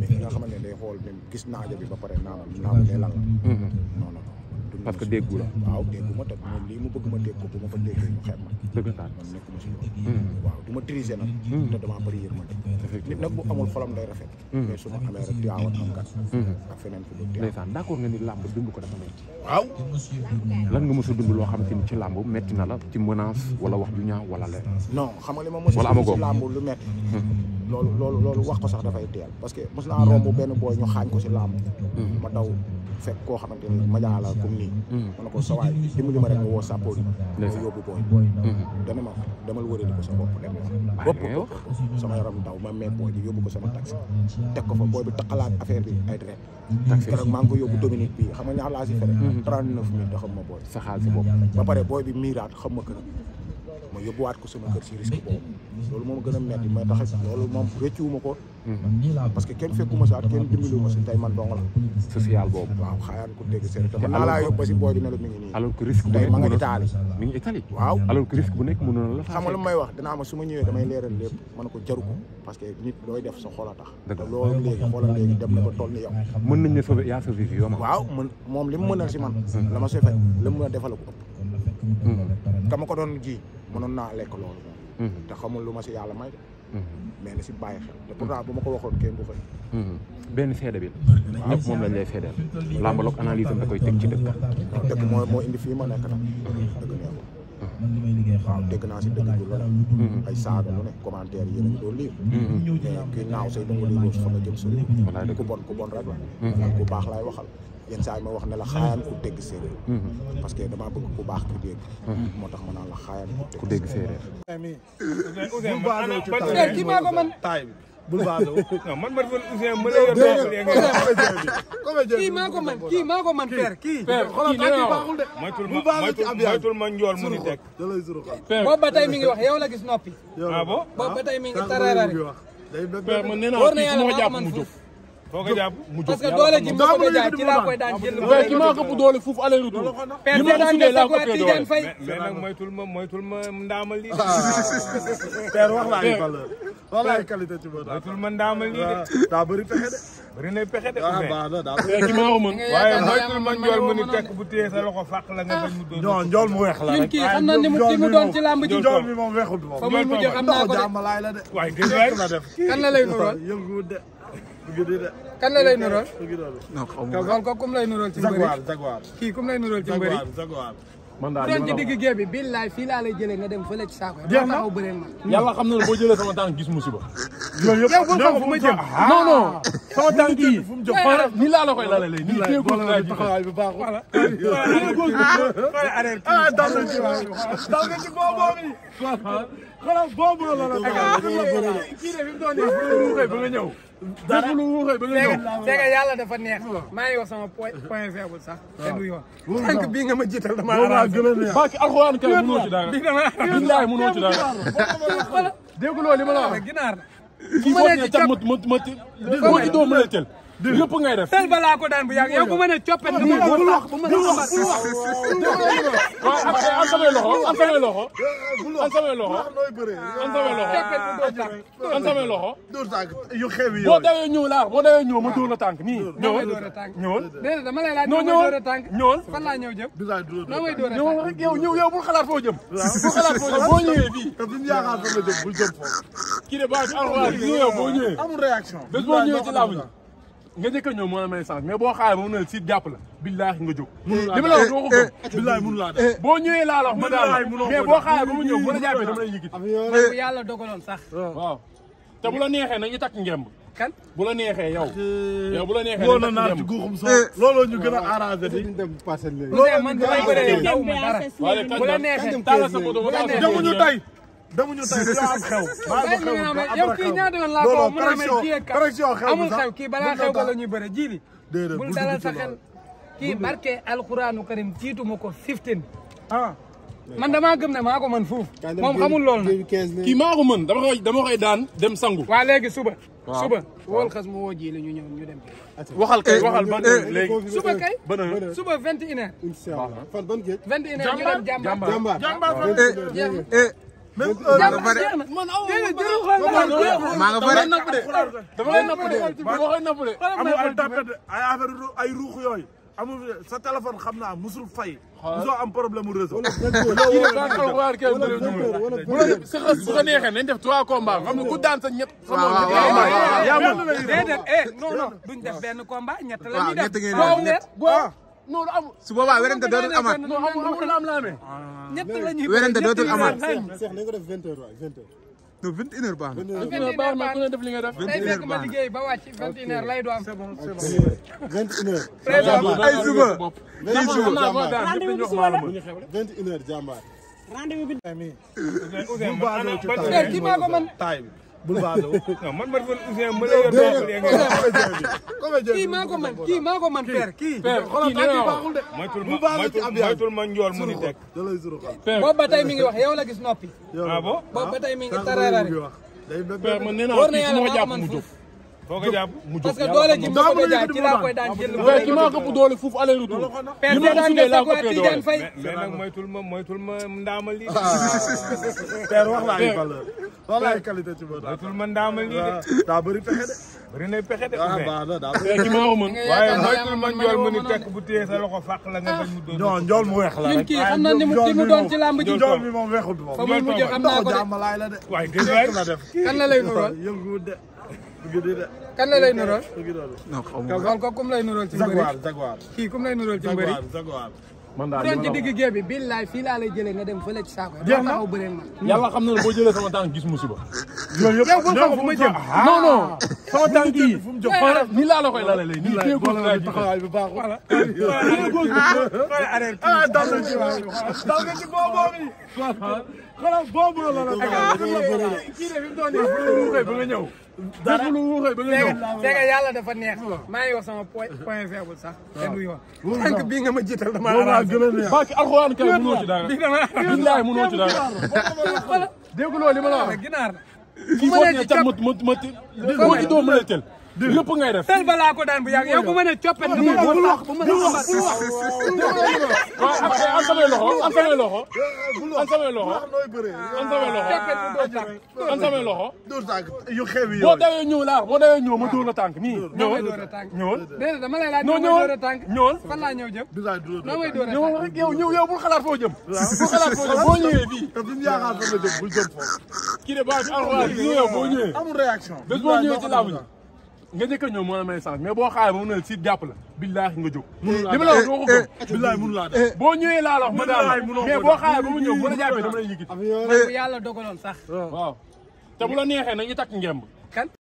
mais ki nga xamante ne day xool gis naaja bi ba pare naanal naanal la mhm. non ma te moom lii mu bëgg ma dégg ko bu ma fa déggee ñu xeet ma dëggantaan man nekkuma si loolu mhm. waaw du ma triser nag mhm. te damaa bëri yërmande nit amul xolam day rafet mais su amee rek tiwaawoon am kat ak feneen fu dul ndeysaan d'accord nga ni làmb dund ko dafa metti waaw lan nga mos a dund loo xam te ni ci làmb metti na la ci menace wala wax ju ñaaw wala leen non xam nga li ma mos a dund ci làmb lu metti loolu loolu loolu wax ko sax dafay teel parce que mos naa romb benn booy ñu xaañ ko si làmb mm-hmm. ma daw fekk koo xamante ni ma jaala comme nii mm-hmm. ma ne ko sawaay dimbali ma ma woo sàppoo yi moo yóbbu booy mm-hmm. dana ma demal wërali ko sa bopp dem bopp sama yaram daw ma mee booy bi yóbbu ko sama taxi teg ko fa booy bi taxalaat affaire bi ay dret taxi keroog maa ngi ko yóbbu Dominique bi xam nga ñaar laa si fere trente neuf mille da xam ma booy sa xaalis bopp ba pare booy bi miiraat xam ma kër ma yóbbuwaat ko sama kër si risque boobu euh, loolu moom gën a metti may tax loolu moom euh, réccuwuma ko mm-hmm. parce que kenn fekkuma si at kenn dimbaliwuma si tey man dong la social boobu waaw xaayaan ma nga Italie mi ngi Italie waaw la xam ko jaru parce que nit looy def sa a tax loolu léegi xol léegi dem na ba toll ni yow mën nañ ne sauver yaa sauver vie waaw mën la ma sauver la ëpp hmm. dama doon ji mënoon naa lekk loolu moom mhm. te xamul lu ma si yàlla may de mhm. mais na si bàyyi xel te pourtant bu ma ko waxoon kenn du fay mhm. benn seede bi ñëpp moom lañ lay seedeel làmbaloog analyse am da koy teg ci dëkk dëkk moo moo indi fii ma nekk nag dëgg neexul waaw dégg naa si dëgg ne commentaire yi lañ doon lire mais kuy naaw say dunga lii fa nga jëm sori ku bon ku bon rek la ku baax laay waxal yenn saa yi ma wax ne la xaayaan ku dégg séeréer parce que damaa bëgg ku baax ku dégg moo tax ma naan la xaayaan ku dégg séeréer kii maa ko man taay boulevard non man man Ouzin ma lay yor kii maa ko man kii maa ko man père kii. père kii nee naa ko moytul ma moytul ma njool mu ni teg. ba tey mi ngi wax yow la gis noppi. ah bon boobu ba man nee naa foo ko jàpp mu jóg parce que doole ji ma ko jàpp ci laa koy daan jël mais ki maa ko ëpp doole fuuf aller retour li ma ko sudee laa ko ëppee doole mais nag moytul ma moytul ma ndaamal lii père wax laa valeur wax laa qualité ci boobu moytul ma ndaamal lii de daa bëri pexe de bëri na pexe de mais ki maa ko mën waaye moytul ma njool mu ni tekk bu téye sa loxo fàq la nga bañ mu doon non njool mu weex la rek kii xam na ni mu doon ci làmb ji njool mi moom weexul moom fa mu mujj xam naa ko de waay gën waay kan la lay nural yëngu de kan la lay nurool. non xaw ko kum lay nurool ci mbëri. Jaguar Jaguar. kii kum lay nurool ci mbëri. Jaguar man daal ci digg géej bi billaay fii laa lay jëlee nga dem fële ci saako. jeex na yàlla xam na ne boo jëlee sama tànk gis musiba. loolu yëpp yow fu ma jëm non non. sama tànk yi ni laa la koy laalee léegi ni laa góor laa ji taxawaay bi baaxul. voilà ah dal na ci waaw dal na ci boobu bi. xoolal boobu la la la. kii de fi mu doon ba nga ñëw. dara dégg yàlla dafa neex. maa ngi wax sama point point faible sax. te du yoon. tànk bii nga ma jiital damaa. damaa gën a neex barki alxuraan kay mënoo ci dara. billaay mënoo ci dara. dégguloo li ma la wax. ginaar la. kii foofu ne tax ma ma ma ma ma lépp ngay def. tel balaa ko daan bu yàgg yow bu ma nee coppet nga ma bul wax bul wax bul wax. am samay loxo am samay loxo. am samay loxo am samay loxo. am samay loxo. dóor tànk yu xew yi boo dawee ñëw laa boo dawee ñëw ma dóor la tànk nii. ñëwal ñëwal. déedéet dama lay laaj ñëw ñëwal ñëwal. fan laa ñëw jëm. noo may dóor a tànk rek yow ñëw yow bul xalaat foo jëm. bul xalaat foo jëm boo ñëwee fii. te duñu yaakaar fa nga jëm bul jëm foofu. kii de baax alxuraan boo ñëwee. amul réaction bés boo ñëwee ci laabu ji nga njëkk a ñëw moo la may chance mais boo xaar moom na si jàpp la billaahi nga jóg li ma la wax doo ko gëm eh, eh, eh, billaahi mënu laa def boo ñëwee laa la wax ma daal mais boo xaar ba mu ñëw bu la jàppee dama lay yëkkati bu yàlla dogaloon sax waaw te bu la neexee nañu takk ngemb kan bu la neexee yow yow bu la neexee loolu na naar ci guuxum so looloo ñu gën a arrangé di dem parcelle léegi man bu la neexee tàllal sa moto demuñu tey demuñu tey ñu am xew. yow kii ñaata ko mun a amee kii ak amul xew balaa xew ba la ñuy bëre jiili. déedéet bul dalal sa xel kii barke alquranu karim jiitu ma ko fifteen. ah man damaa gëm ne maa ko mën fuuf. moom xamul lool na kii maa ko mën dama koy dama koy daan dem sangu. waa léegi suba. suba wol xas mu woo jiili ñu ñëw ñu dem. waxal kay eh, waxal ban eh, eh, léegi suba kay suba vingt et une heure. incha allah fan ban géej. vingt et une heure ñu dem jàmbaar jàmbaar même man ma nga bëre napp de dama lay napp de ay ruux yooyu sa téléphone xam naa musul fay musoo am problème mu réseau waar ke sa xas su ko neexee nañ def trois combats xam nga ku daan sa ñett sa yaa mën déedéet eh non non duñ def benn combat ñett la ñuy def non lu amul su boobaa wérante dootul amaat non amul amul la am la amee. Ah. ñett la ñuy wérante dootul amaat. Cheikh na nga def vingt heures waay vingt heures. non vingt une heure baax na. vingt une heure baax na ku ne def li nga def. vingt une heure baax na day fekk ma liggéey ba wàcc vingt une heure lay doon. vingt une heure. ay suba ay suba. vingt une heure jàmbaar. rendez-vous bi. boulevard la non man man Ouzin ma lay kii maa ko man kii maa ko man père kii. père kii nee naa ko moytul ma moytul ma njool mu ni teg. boobu ba tey mi ngi wax yow la gis noppi. ah bon boobu ba tey mi ngi tararari. père man nee naa kii su ma jàpp mu jóg. foo ko jàpp mu jóg parce que doole ji moo ko jaay ci laa koy daan jël. waaye ki maa ko doole foofu aller retour. li ma ko sudee laa ko ëppee doole mais nag moytul ma moytul ma ndaama lii. père wax la ay valeur wax la ay qualité ci boppam. moytul ma ndaama lii de. daa bëri pexe de. bëri na pexe de. waaw baax na daa bëri ki maa ko mën. waaye moytul ma njool mu ni tekk bu téye sa loxo fàq la nga bañ mu doon. non njool mu weex la rek. kii xam na ni mu kii mu doon ci làmb ji. njool mi moom weexul moom. fa mu mujj xam naa ko de. waaye déedéet la def. kan la lay nurool yëngu de kan la lay nuróol. non xaw ma ko kon kum lay nuróol ci mbëri. Jaguar Jaguar. kii kum lay nuróol ci mbëri. Jaguar Jaguar. man daal doon ci digg géej bi billaay fii laa lay jëlee nga dem fële ci saako. jeex na yàlla xam na ne boo jëlee sama tànk gis musiba. loolu yëpp yow foofu fu ma jëm non non. sama tànk yi xoolal nii la koy lalalee nii téye góor laa ji taxawaay bu baax voilà. ah dal na ci waaw dal na ci booboo bi. xoolal boobu la la la. kii dara dégg nga yàlla dafa neex maa ngi wax sama point faible sax. te ah. muy wax tànk bii nga ma jiital damaa. waaw gën a bàkki alxuraan kay mënoo ci dara. billaay mënoo ci dara. dégg loolu li ma la wax. ginaar la. kii foofu ne cat ma ma ma ma ci dóor mu lay tel. lépp ngay def. tel balaa ko daan bu yàgg yow bu ma nee coppet. bu ma la wax bu ma la wax bu wax am samay loxo am samay loxo. am samay loxo am samay loxo. am samay loxo. dóor tànk yu xew yi boo dawee ñëw laa boo dawee ñëw ma dóor la tànk nii. ñëwal ñëwal. déedéet dama lay laaj ma dóor a tànk. ñëwal fan laa ñëw jëm. noo may dóor a tànk rek yow yow yow bul xalaat foo jëm. bul xalaat foo jëm boo ñëwee fii. te duñu yaakaar fan la jëm bul jëm foofu. kii de baax alxuraan boo ñëwee. amul réaction bés boo ñëwee ci laabu nga njëkk a ñëw moo la may chance mais boo xaaree ba mu ne si jàpp la billaahi nga jóg eh, li ma la wax doo ko gëm eh, eh, billaahi mënu laa def boo ñëwee laa la wax ma daal mais boo xaaree ba mu ñëw bu la jàppee dama lay yëkkati bu yàlla dogaloon sax waaw te bu la neexee nañu takk ngemb